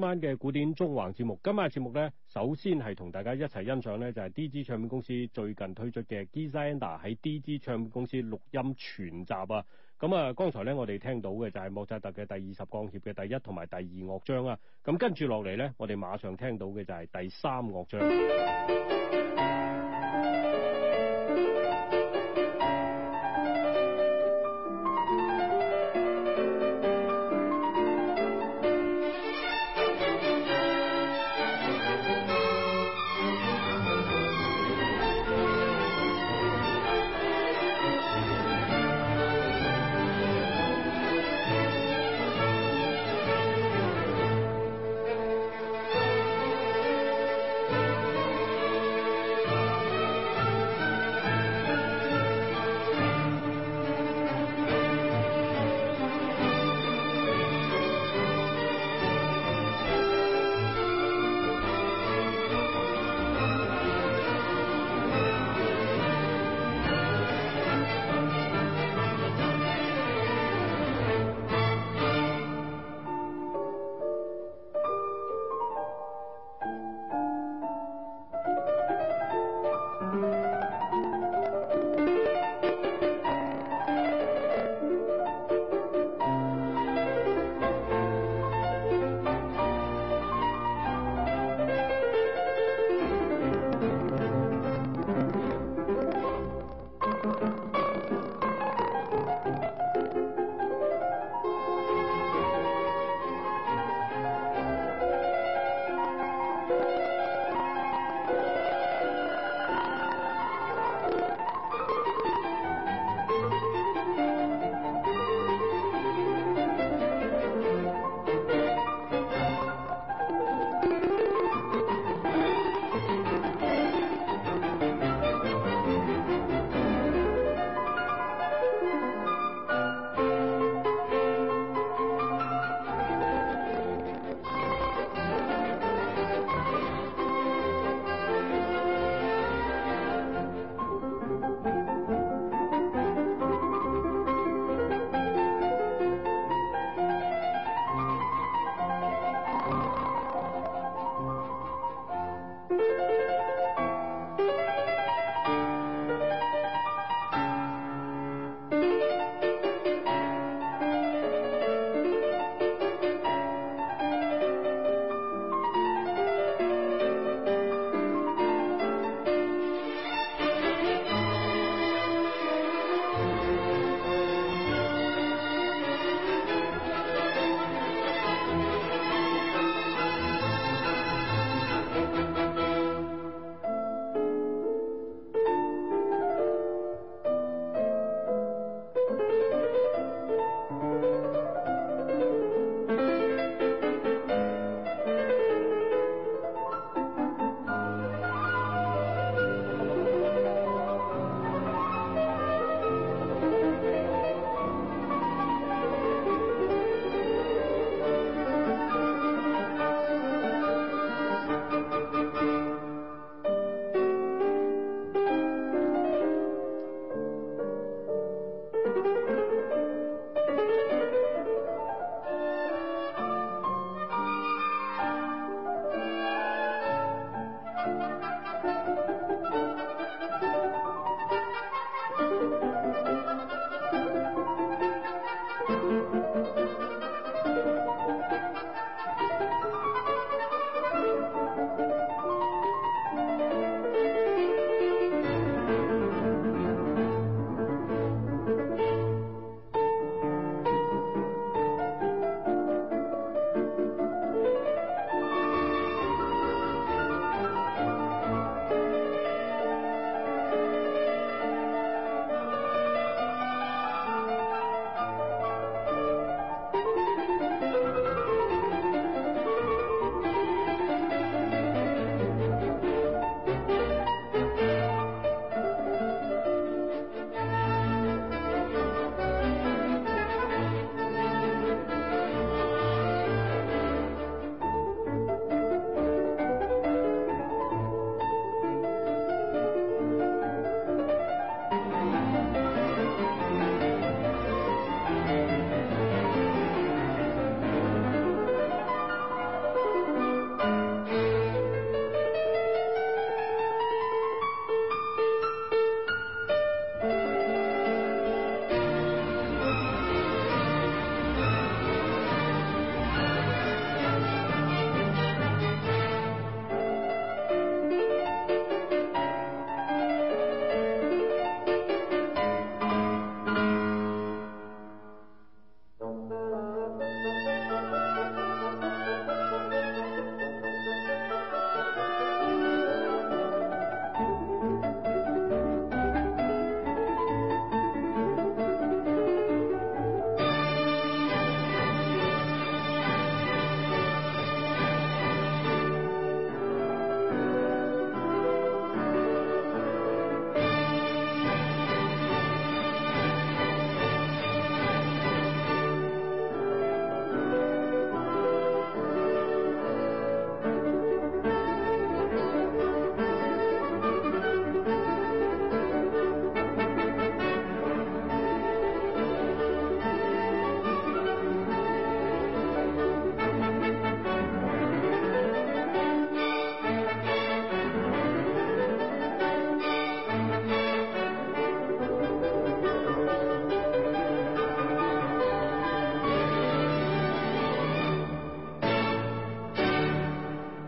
今晚嘅古典縱橫節目，今晚嘅節目呢，首先係同大家一齊欣賞呢，就係、是、DG 唱片公司最近推出嘅 Géza Anda 喺 DG 唱片公司錄音全集啊。咁、嗯、啊，剛才呢，我哋聽到嘅就係莫扎特嘅第二十鋼協嘅第一同埋第二樂章啊。咁、嗯、跟住落嚟呢，我哋馬上聽到嘅就係第三樂章。音樂音樂